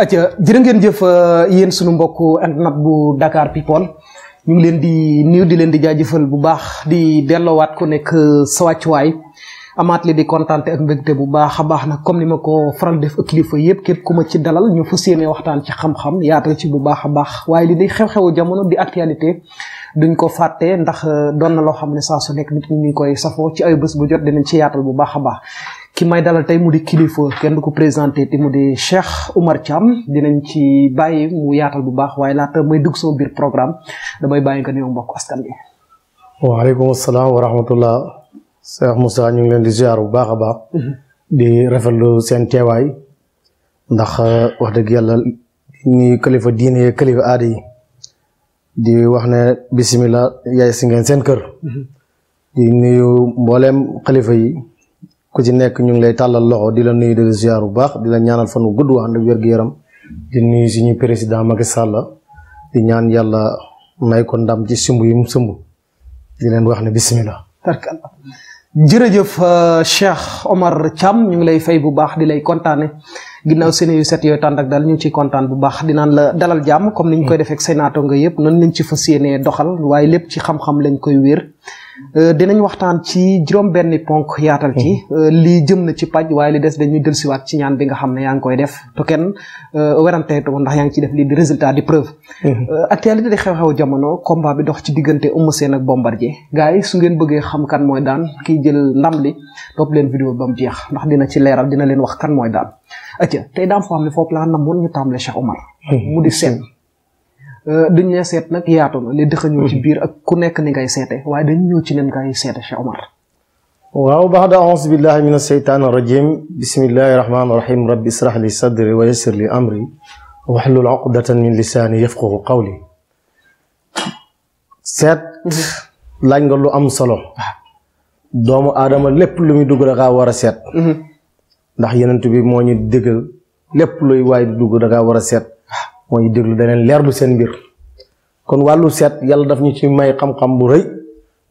acca jërë ngeen jëf uh, yéen sunu mbokk internet bu Dakar People ñu ngi leen di nuyu di leen di jaajëfal bu baax di dellowaat ku nekk uh, sa wàccuwaay amaat li di kontante ak mbégte bu baax a baax na comme ni ma ko faral def ak kilifa yëpp képp ku ma ci dalal ñu fas yéene waxtaan ci xam-xam yaatal ci bu baax a baax waaye li di xew-xewu jamono di actualité duñ ko fàtte ndax uh, doon na loo xam ne saa su nekk nit ñu ngi koy safoo ci ay bés bu jot dinañ ci yaatal bu baax a baax. ki may dalal tey mu di kilifa kenn du ko présenté te mu di Cheikh Oumar Thiam dinañ ci bàyyi mu yaatal bu baax waaye laata may dugg sama biir programme damay bàyyi nga nuyoo mbokk askan waaleykum salaam wa rahmatullah Cheikh ngi leen di ziar bu baax a baax. Mhm. di rafetlu seen teewaay ndax uh, wax dëgg yàlla ñuy kilifa diine kilifa aada yi di wax ne bisimilah yaay si ngeen seen kër. Mhm. di nuyu mboolem kilifa yi. ku ci nekk ñu ngi lay tàllal loxo di la nuyu di la bu baax di la ñaanal fan wu gudd ànd ak wér-gu-yaram di nuyu suñu président Macky Sall di ñaan yàlla may ko ndam ci sumb yi sumb di leen wax ne bisimilah. jërëjëf euh, Cheikh Omar Thiam ñu ngi lay fay bu baax di lay kontaane ginnaaw seen yu set yooyu tànd ak daal ñu ngi ciy kontaan bu baax dinaan la dalal jàmm comme ni ñu koy defee ak say naataango yëpp noonu lañ ci fas yéenee doxal waaye lépp ci xam-xam lañ koy wéer. Euh, dinañ waxtaan ci juróom benni ponk yaatal ci mm-hmm. euh, lii jëm na ci paj waaye li des dañuy dellusiwaat ci ñaan bi nga xam ne yaa ngi koy def to kenn euh, werante to ndax yaa ngi ciy def lii di résultat di preuve mm-hmm. actualité di xew-xew jamono combat bi dox ci diggante Eumeu Sène ak Bombardier gars yi su ngeen bëggee xam kan mooy daan kiy jël ndam li topp leen vidéo ba jeex ndax dina ci leeral dina leen wax kan mooy daan a tey daam foo xam ne foofu laa namoon ñu tàmbale Cheikh Omar mm-hmm. mu di seen Euh, duñ seet nag yaatu na li dëkk ñëw ci hmm. biir ak ku nekk ni ngay seete waaye dañ ñëw ci nen ngay seete Cheikh Omar waaw baxda aousu billahi min alsheytaan arrajim bismillahi rahmaani rahim rabbi israh wa yassir li amri waxlul uqdatan min lisaani hmm. nga lu am solo ah. doomu adama lépp lu muy dugg dangaa war a seet hmm. ndax yenent bi moo ñu déggal lépp luy waay dugg dangaa war a seet mooy déglu daneen leerlu seen mbir kon wàllu seet yàlla daf ñu ci may xam-xam bu rëy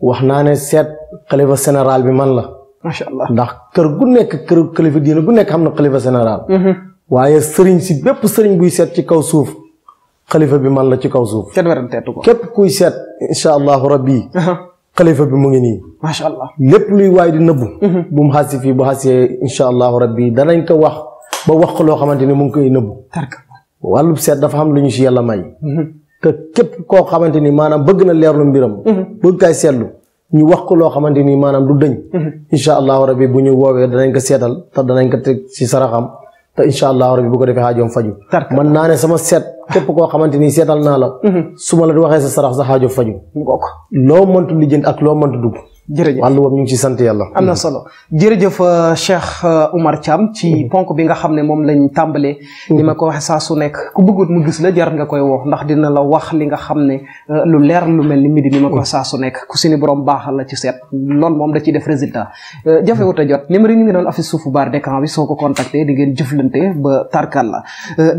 wax naa ne seet xalifa général bi man la macha allah ndax kër gu nekk kër xalifa diine gu nekk xam na xalifa général mm-hmm. waaye sëriñ si bépp sëriñ buy seet ci kaw suuf xalifa bi man la ci kaw suuf képp kuy seet incha allahu rabbi uh-huh. xalifa bi mu ngi nii macha allah lépp luy waay di nëbbu mm-hmm. bu mu xaasi fii bu xaasee incha allahu rabbi danañ ko wax ba wax loo xamante mu ngi koy nëbbu wàllu seet dafa am lu ñu si yàlla may. Mhm. te képp koo xamante ni maanaam bëgg na leerlu mbiram. Mhm. bëgg kaay seetlu ñu wax ko loo xamante ni maanaam du dëñ. Mhm. incha allahu rabi bu ñu woowee danañ ko seetal te danañ ko teg si saraxam te incha allahu rabi bu ko defee xaajoom faju man naa ne sama seet képp koo xamante ni seetal naa la. su ma la waxee sa sarax sa xaajo faju loo mëntu lijjanti ak loo mëntu dugg. jërëjëf wàllu boobu ñu ngi ci sant yàlla. am na solo jërëjëf Cheikh euh, Oumar Thiam ci mm-hmm. ponk bi nga xam ne moom lañ tàmbalee. Mm-hmm. ni ma ko waxee saa su nekk ku bëggut mu gis la jar nga koy woo ndax dina la wax li nga xam ne euh, lu leer lu mel ni midi ni ma ko waxee saa su nekk ku suñu borom baaxal la ci seet loolu moom da ciy def résultat. Euh, jafewut a jot numéro yi ñu ngi doon affiche suufu baar d'écran bi soo ko contacté di ngeen jëflante ba tarkal la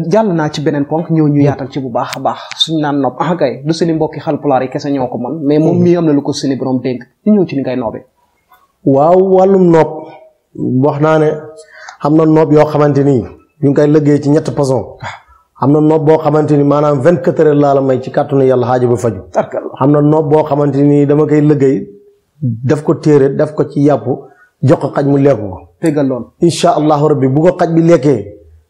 jàll naa ci beneen ponk ñëw ñu yaatal ci bu baax a baax suñu naan nopp ah kay du suñu mbokki xalpulaar yi kese ñoo ko mën mais moom mii am na lu ko suñu borom dénk ñu ñëw li ngay waaw wàllum noob wax naa ne xam na noob yoo xamante ni ñu ngi koy liggéey ci ñett façon ah. am na noob boo xamante ni maanaam vingt quatre heures laa la may ci kàttanu yàlla xaaja bu faju am na noob boo xamante ni dama koy liggéey def ko téere def ko ci yàpp jox ko xaj mu lekk ko. tegal lool allahu rabbi bu ko xaj bi lekkee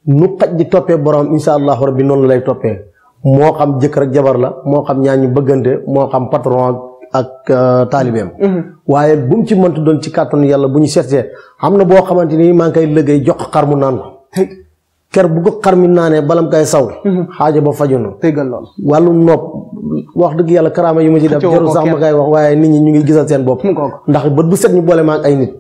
nu xaj bi toppee borom incha allahu rabbi noonu lay toppee moo xam jëkkër ak jabar la moo xam ñaar bëggante moo xam patron ak euh, taalibeem mm-hmm. Mm-hmm. waaye bu mu ci mënta doon ci kàttanu yàlla bu ñu seetee am na boo xamante ni maa ngi koy lëggéey jox xar mu naan ko ker bu ko xar mi naanee balam kay saw mhm. xaajo ba faju na déggal lool wàllum nopp wax dëgg yàlla karaama yi ma ci def jarul sax ma kay wax waaye nit ñi ñu ngi gisal seen bopp ndax bët bu set ñu boole ma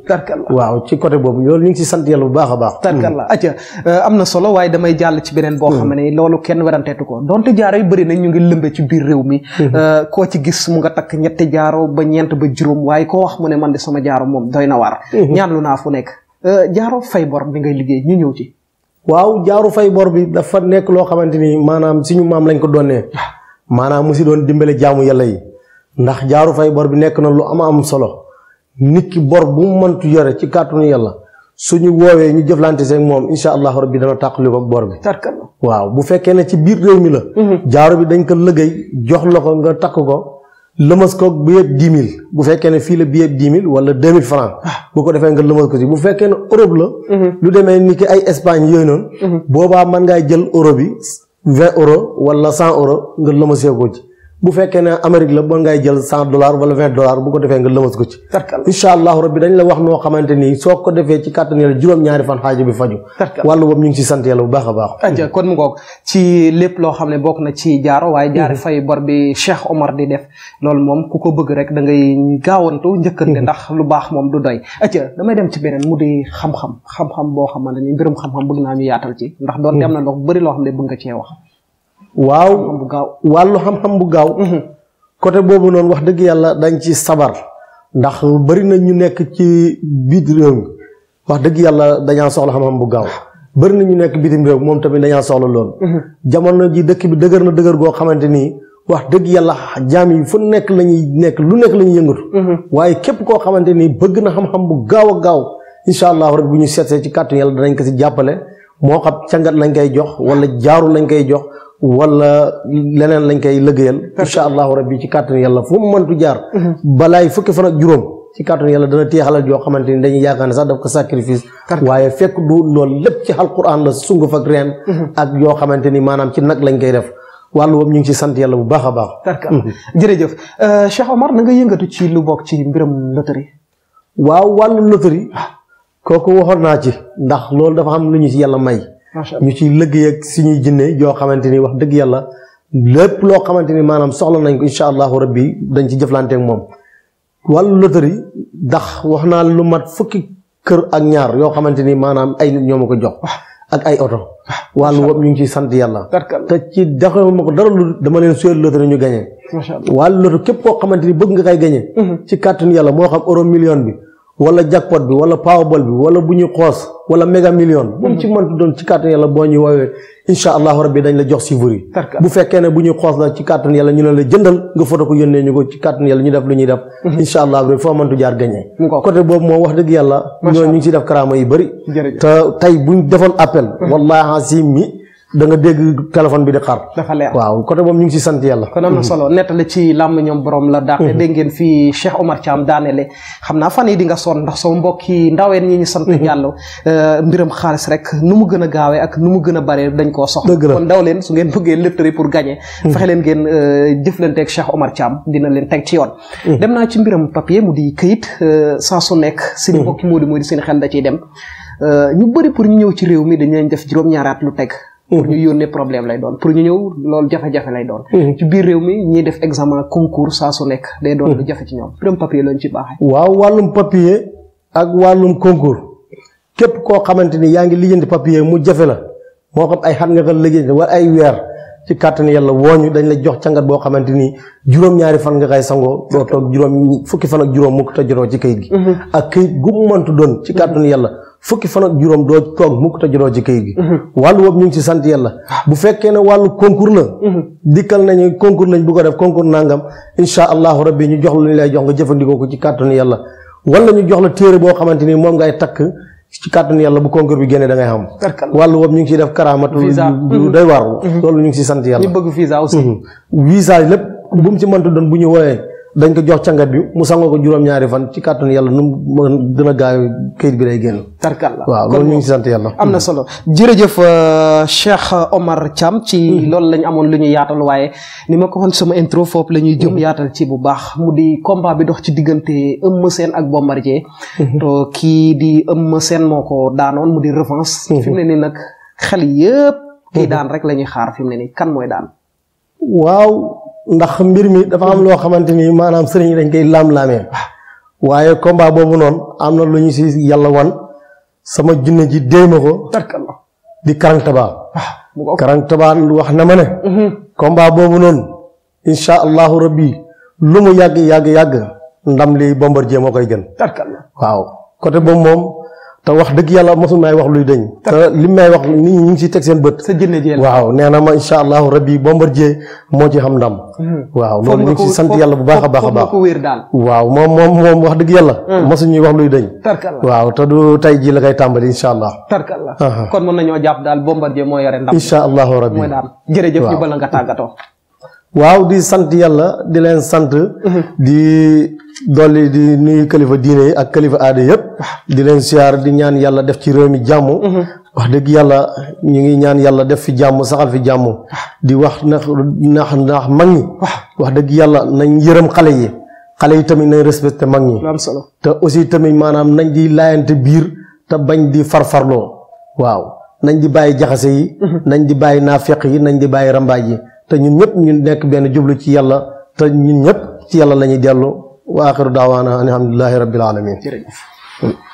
ak waaw ci côté boobu loolu ñu ngi ci sant yàlla bu baax a baax tarkalla acca euh, am na solo waaye damay jàll ci beneen boo xam hmm. ne loolu kenn weranteetu ko donte jaaro yu nañ ñu ngi lëmbe ci biir réew mi hmm. euh, koo ci gis mu nga takk ñetti jaaro ba ñeent ba juróom waaye koo wax mu ne man de sama jaaro moom doy na waar hmm. naa fu nekk euh, jaaro fay bor bi ngay liggéey ñu ñëw ci waaw jaaru fay bor bi dafa nekk loo xamante ni maanaam suñu maam lañ ko doonee ah. maanaam mu si doon dimbale jaamu yàlla yi ndax jaaru fay bor bi nekk na lu ama am solo nit ki bor bu mu mëntu yore ci kàttanu yàlla ñu woowee ñu jëflante seen moom incha allahu rabbi dana tàqaliko ak bor bi waaw bu fekkee ne ci biir réew mi la mm-hmm. jaaru bi dañ ko lëgëy jox la ko nga takk ko lëmas koog billet dix mille bu fekkee ne fii la billet dix mille wala deux mille francs ah. boo ko defee nga lëmas ko ci bu fekkee ne Europe la mhm. lu demee ni ki ay Espagne yooyu noonu mhm. boobaa man ngay jël euro bi vingt euro walla cent euro nga lëmasee ko ci bu fekkee ne Amérique la boo ngay jël cent dollars wala vingt dollars bu ko defee nga lëmas ko ci incha allahu rabbi dañ la wax noo xamante nii soo ko defee ci kàttan yàlla juróom-ñaari fan xaaja bi faju wàllu boobu ñu ngi ci sant yàlla bu baax a baax aja kon mu ngoog ci loo xam ne bokk na ci jaaro waaye jaari fay bor bi Cheikh Omar di def loolu moom ku ko bëgg rek da ngay gaawantu njëkkante hmm. ndax lu baax moom du doy aja damay dem ci beneen mu di xam-xam xam-xam boo xamante ni mbirum xam-xam bëgg naa ñu yaatal ci ndax doon hmm. am na loo bëri loo xam ne bëgg nga cee wax waaw wàllu xam-xam bu gaaw mhm. côté boobu noonu wax dëgg yàlla dañ ci sabar ndax bari na ñu nekk ci biir réew mi wax dëgg yàlla dañaa soxla xam-xam bu gaaw bari na ñu nekk bitim réew moom tamit dañaa soxla lool. Mhm. jamono ji dëkk bi dëgër na dëgër goo xamante ni wax dëgg yàlla jaam yi fu nekk la ñuy nekk lu nekk lañuy ñuy yëngatu. Mhm. waaye képp koo xamante ni bëgg na xam-xam bu gaaw a gaaw incha allah rek bu ñu seetsee ci kàttu yàlla danañ ko si jàppale moo xam càngat lañ koy jox wala jaaru lañ koy jox. wala leneen lañ koy lëggéeyal insha allahu rabbi ci kàttan yàlla fu mu mëntu jaar mhm. balaay fukki fan ak juróom ci kàttan yàlla dana teexalal yoo xamante ni dañuy yaakaar ne sax daf ko sacrifice waaye fekk du loolu lépp ci alquran la sunguf ak reen mhm. ak yoo xamante ni maanaam ci nag lañ koy def wàllu woom ñu ngi ci sant yalla bu baax a baax mhm. jërëjëf euh, Cheikh Omar na nga yëngatu ci lu bokk ci mbiram loterie waaw wàllu loterie kooku waxoon naa ci ndax loolu dafa xam lu ñu ci yàlla may ñu ci liggéey ak suñuy jinne yoo xamante ni wax dëgg yàlla lépp loo xamante ni maanaam soxla nañ ko incha allahu rabbi dañ ci jëflante ak moom wàllu loterie ndax wax naa lu mat fukki kër ak ñaar yoo xamante ni maanaam ay nit ñoo ma ko jox ah. ak ay oto ah. wàllu wopp ñu ngi ciy sant yàlla te ci daxewu ma ko dara lu dama leen suyal loterie ñu gañee wàllu loterie képp koo xamante ni bëgg nga kay gañee mm-hmm. ci kàttanu yàlla moo xam euro million bi wala jackpot bi wala powerball bi wala bu ñu xoos wala méga million moom mhm. ci mënti doon ci kàttan yàlla boo ñu woowee incha allahu rabbi dañ la jox chiffre yi bu fekkee ne bu ñu xoos la ci kàttan yàlla ñu ne la jëndal nga foto ko yónnee ñu ko ci kàttan yàlla ñu def lu ñuy def mhm. incha allah rabbi foo mëntu jaar gagné côté boobu moom wax dëgg yàlla ñoo ñu ngi def karaama yu bëri te tey buñ defoon appel mhm. wallahi asim mi danga dégg téléphone bi di xar. dafa leer waaw côté boobu ñu ngi ci sant yàlla. kon a na solo mm-hmm. nettali ci làmb ñoom borom la. daaxte mm-hmm. dégg ngeen fii Cheikh Omar Thiam daaneele xam naa fan yii di nga sonn ndax sama mbokk yi ndaween ñi ñu sant mm-hmm. yàlla. Euh, mbiram xaalis rek nu mu gën a gaawee ak nu mu gën a bare dañ koo soxla. kon daw leen su ngeen bëggee lëttëri pour gagner. fexe leen ngeen euh, jëflanteeg Cheikh Omar Thiam dina leen teg ci yoon. dem naa ci mbiram papier mu di këyit euh, saa su nekk. seen mbokk mu si seen xel da ciy dem ñu bëri pour ñëw ci réew mi dañu def juróom-ñaaraat lu teg pour ñu yónnee problème lay doon pour ñu ñëw loolu jafe-jafe lay doon. Hmm. ci biir réew mi ñuy def examen concours saa su nekk. day doon lu hmm. jafe ci ñoom mbirum papier waaw wàllum papier ak wàllum concours képp koo xamante ni yaa ngi lijjanti papier mu jafe la moo xam ay xat nga ko lijjanti wala ay weer ci kàttan yàlla wooñu dañ la jox cangat boo xamante ni juróom-ñaari fan nga koy sangoo doo toog juróom fukki fan ak juróom mukk te jotoo ci kayit gi. Hmm. ak kayit gu mu doon ci kàttan yàlla. fukki fan ak juróom doo toog mukk te jodoo ci kayit gi mhm. wàllu woobu ñu ngi ci sant yàlla ah. bu fekkee ne wàllu concours la mhm. dikkal nañu concours lañ bu ko def concours nangam insha allahu rabbi ñu jox la ñu lay jox nga jëfandikoo ko ci kàttanu yàlla wala ñu jox la téere boo xamante ni moom ngay takk ci kàttanu yàlla bu concours bi génnee da ngay xam wàllu woobu ñu ngi ciy def karaamatu mhm. doy waar loolu ñu ngi ci sant yàlla visa lépp bu mu ci mënta doon bu dañ ko jox cangat bi mu sangoo ko juróom-ñaari fan ci kàttanu yàlla nu mu gën a gaaw këyit bi day génn. tarkalla waaw loolu ñu ngi sant yàlla. am na mm. solo jërëjëf euh, Cheikh Omar cam ci mm. loolu lañ amoon lu ñuy yaatal waaye ni ma ko sama intro foofu la ñuy jëm mm. yaatal ci bu baax mu di combat bi dox ci diggante Eumeu Sène ak Bombardier. Mm-hmm. to kii di ëmma seen moo ko daanoon mu di revanche. Mm-hmm. fi mu ne nii nag xel yëpp. kii mm-hmm. daan rek la ñuy xaar fi mu ne nii kan mooy daan. ndax mbir mi dafa am loo xamante ni maanaam sëriñ dañ koy laam-laamee waaye combat boobu noonu am na lu ñu si yàlla wan sama jinne ji déy ma ko di karang tabaan ah, karang tabaan wax na ma ne mhm. combat boobu noonu incha allahu rabbi lu mu yàgg yàgg yàgg ndam li Bombardier moo koy gën waaw côté boobu moom te wax dëgg yàlla mosul may wax luy dëñ te li may wax nit ñi ñu ngi ciy teg seen bët. sa jënd jël waaw nee na ma incha allahu rabbi Bombardier moo ci xam ndam. Hmm. waaw loolu ñu ngi ci sant yàlla bu baax a baax a baax. waaw moom moom moom wax dëgg yàlla. Hmm. mosul ñuy wax luy dëñ. waaw te du tey jii la koy tàmbali incha allah. tarkalla ah, ah. kon mën nañoo jàpp daal Bombardier moo yore ndam. incha allahu rabbi mooy daal jërëjëf ñu bala nga tàggatoo. waaw di sant yàlla di leen sant. Hmm. di. dolli di nuyu kilifa diine yi ak kilifa aada yëpp di leen siyaar di ñaan yàlla def ci réew mi jàmm mm-hmm. wax dëgg yàlla ñu ngi ñaan yàlla def fi jàmm saxal fi jàmm di wax nax ndax ndax mag ñi wax dëgg yàlla nañ yërëm xale yi xale yi tamit nañ respecté mag ñi te aussi tamit maanaam nañ di laayante biir te bañ di farfarloo waaw nañ di bàyyi jaxase yi mm-hmm. nañ di bàyyi naafeq yi nañ di bàyyi rambaaj yi te ñu ñëpp ñu nekk benn jublu ci yàlla te ñun ñëpp ci yàlla la ñuy wa axiru daawaana alhamdulillahi rabbil alamin jërëjëf